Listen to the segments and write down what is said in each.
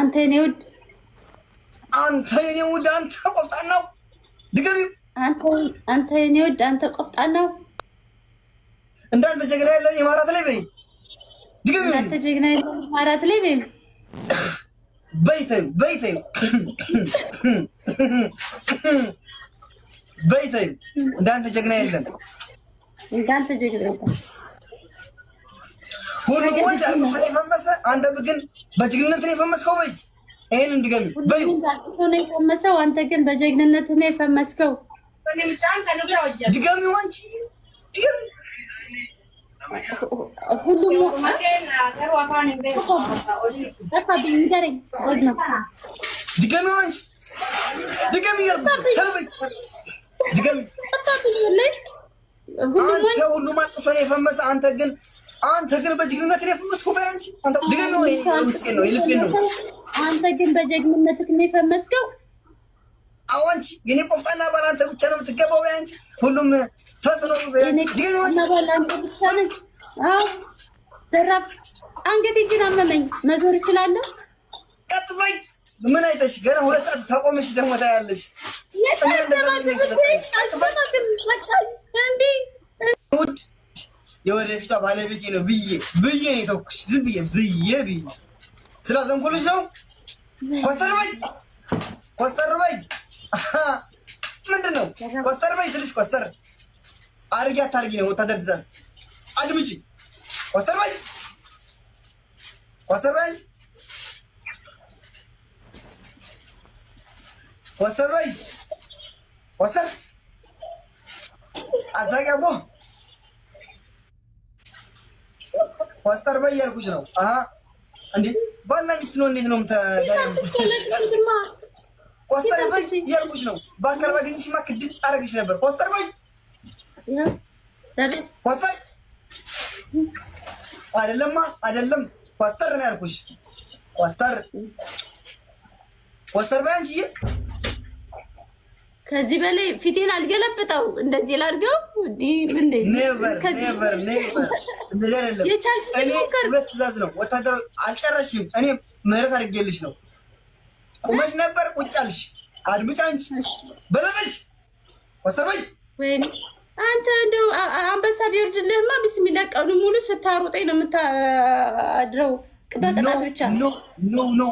አንተ የኔ ውድ አንተ የኔ ውድ አንተ ቆፍጣን ነው። ድገሚ አንተ አንተ የኔ ውድ አንተ ቆፍጣን ነው። እንዳንተ ጀግና የለም የማራት ላይ በይ። ድገሚ አንተ ጀግና የለም የማራት ላይ በይ። በይተኝ በይተኝ በይተኝ። እንዳንተ ጀግና የለም እንዳንተ ጀግና የለም። ሁሉም ወንድ አልመሰለ የፈመሰ አንተ ብግን በጀግንነት ነው የፈመስከው። በይ ይህን እንድገሚ በይ ነው የፈመሰው። አንተ ግን በጀግንነት ነው የፈመስከው። ድገሚ ወንጭ ድገሚ። ሁሉም ንገረኝ። ድገሚ ወንጭ ድገሚ ሁሉም ነው የፈመሰ አንተ ግን አንተ ግን በጀግንነት ነው የፈመስከው። በራንቺ አንተ ግን ነው ውስጤ ነው የልቤ ነው። አንተ ግን ነው የፈመስከው። አዋንቺ የኔ ቆፍጣና ባል አንተ ብቻ ነው የምትገባው። በራንቺ ሁሉም ፈስ ነው በራንቺ ነው ባል አንተ ብቻ ነው። ዘራፍ አንገቴ ግን አመመኝ። መዞር እችላለሁ? ቀጥ በይ። ምን አይተሽ ገና ሁለት ሰዓት ተቆመሽ ደግሞ ታያለሽ። ቀጥ በይ የወደፊቷ ባለቤቴ ነው ብዬ ብዬ ነው የተኩሽ። ዝም ብዬ ብዬ ብዬ ስላዘንኩልሽ ነው። ኮስተር በይ ኮስተር በይ ምንድን ነው ኮስተር በይ ስልሽ ኮስተር አድርጊ አታርጊ ነው ወታደር ትእዛዝ። አድምጪ ኮስተር በይ ኮስተር በይ ኮስተር በይ ኮስተር አዛጋቦ ፓስተር በይ ያልኩሽ ነው። አሀ እንዴ ባልና ሚስት ነው። እንዴት ነው ፓስተር በይ ያልኩሽ ነው። በአካል ባገኝሽማ ክድል አደረግሽ ነበር። ፓስተር በይ ፓስተር አይደለማ፣ አይደለም ፓስተር ነው ያልኩሽ። ፓስተር ፓስተር በይ አንቺዬ ከዚህ በላይ ፊቴን አልገለብጠው እንደዚህ ላድርገው። ሁለት ትእዛዝ ነው ወታደራዊ። አልጨረስሽም። እኔ ምህረት አድርጌልሽ ነው። ቁመሽ ነበር ቁጭ አልሽ። አድምጫ አንቺ በለለሽ ወስተርበይ ወይኔ አንተ እንደው አንበሳ ቢወርድልህማ ቢስሚላ ቀኑ ሙሉ ስታሮጠኝ ነው የምታድረው። በቅጣት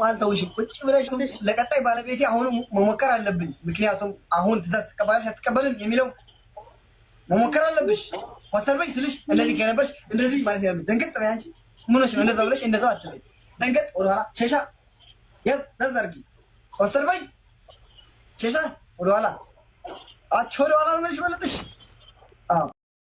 አልተውሽም። ቁጭ ብለሽ ለቀጣይ ባለቤቴ አሁኑ መሞከር አለብኝ። ምክንያቱም አሁን ትእዛዝ ትቀበላለች አትቀበልም የሚለው መሞከር አለብሽ። ኮስተር በይ ስልሽ እንደዚህ ከነበርሽ እንደዚህ ማለት ያለ ደንገጥ በይ። አንቺ ምኖች ነው እንደዛ ብለሽ እንደዛ አትበይ። ደንገጥ ወደኋላ ሸሻ ዘርጊ። ኮስተር በይ ሸሻ ወደኋላ አች ወደኋላ ነው ምንሽ መለጥሽ